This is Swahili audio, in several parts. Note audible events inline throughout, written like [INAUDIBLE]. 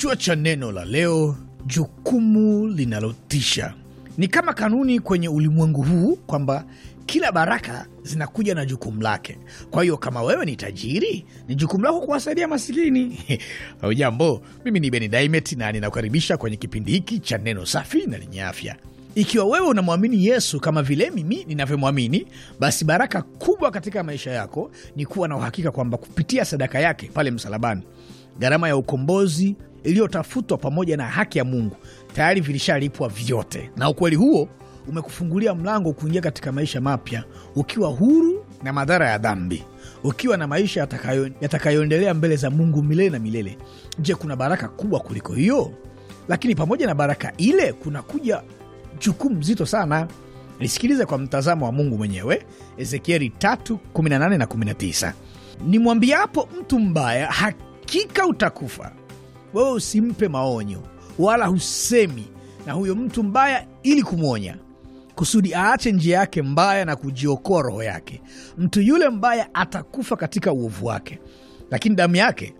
Kichwa cha neno la leo: jukumu linalotisha. Ni kama kanuni kwenye ulimwengu huu kwamba kila baraka zinakuja na jukumu lake. Kwa hiyo kama wewe ni tajiri, ni jukumu lako kuwasaidia masikini. Hujambo, [LAUGHS] mimi ni Beni Daimet na ninakukaribisha kwenye kipindi hiki cha neno safi na lenye afya. Ikiwa wewe unamwamini Yesu kama vile mimi ninavyomwamini, basi baraka kubwa katika maisha yako ni kuwa na uhakika kwamba kupitia sadaka yake pale msalabani, gharama ya ukombozi iliyotafutwa pamoja na haki ya Mungu tayari vilishalipwa vyote, na ukweli huo umekufungulia mlango kuingia katika maisha mapya ukiwa huru na madhara ya dhambi, ukiwa na maisha yatakayoendelea yataka mbele za Mungu milele na milele. Je, kuna baraka kubwa kuliko hiyo? Lakini pamoja na baraka ile kuna kuja jukumu zito sana. Lisikilize kwa mtazamo wa Mungu mwenyewe, Ezekieli 3:18 na 19: nimwambiapo mtu mbaya, hakika utakufa, wewe usimpe maonyo wala husemi na huyo mtu mbaya ili kumwonya kusudi aache njia yake mbaya na kujiokoa roho yake. Mtu yule mbaya atakufa katika uovu wake, lakini damu yake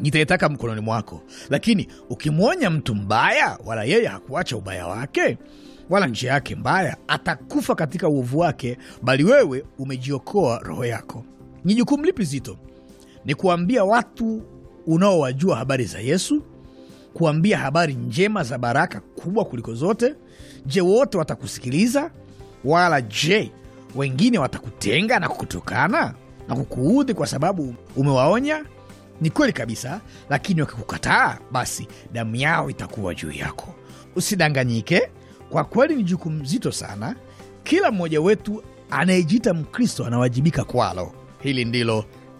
nitaitaka mkononi mwako. Lakini ukimwonya mtu mbaya, wala yeye hakuacha ubaya wake wala njia yake mbaya, atakufa katika uovu wake, bali wewe umejiokoa roho yako. Ni jukumu lipi zito? Ni kuambia watu unaowajua habari za Yesu, kuambia habari njema za baraka kubwa kuliko zote? Je, wote watakusikiliza? Wala je, wengine watakutenga na kukutukana na kukuudhi kwa sababu umewaonya? Ni kweli kabisa, lakini wakikukataa, basi damu yao itakuwa juu yako. Usidanganyike, kwa kweli ni jukumu zito sana. Kila mmoja wetu anayejiita Mkristo anawajibika kwalo. Hili ndilo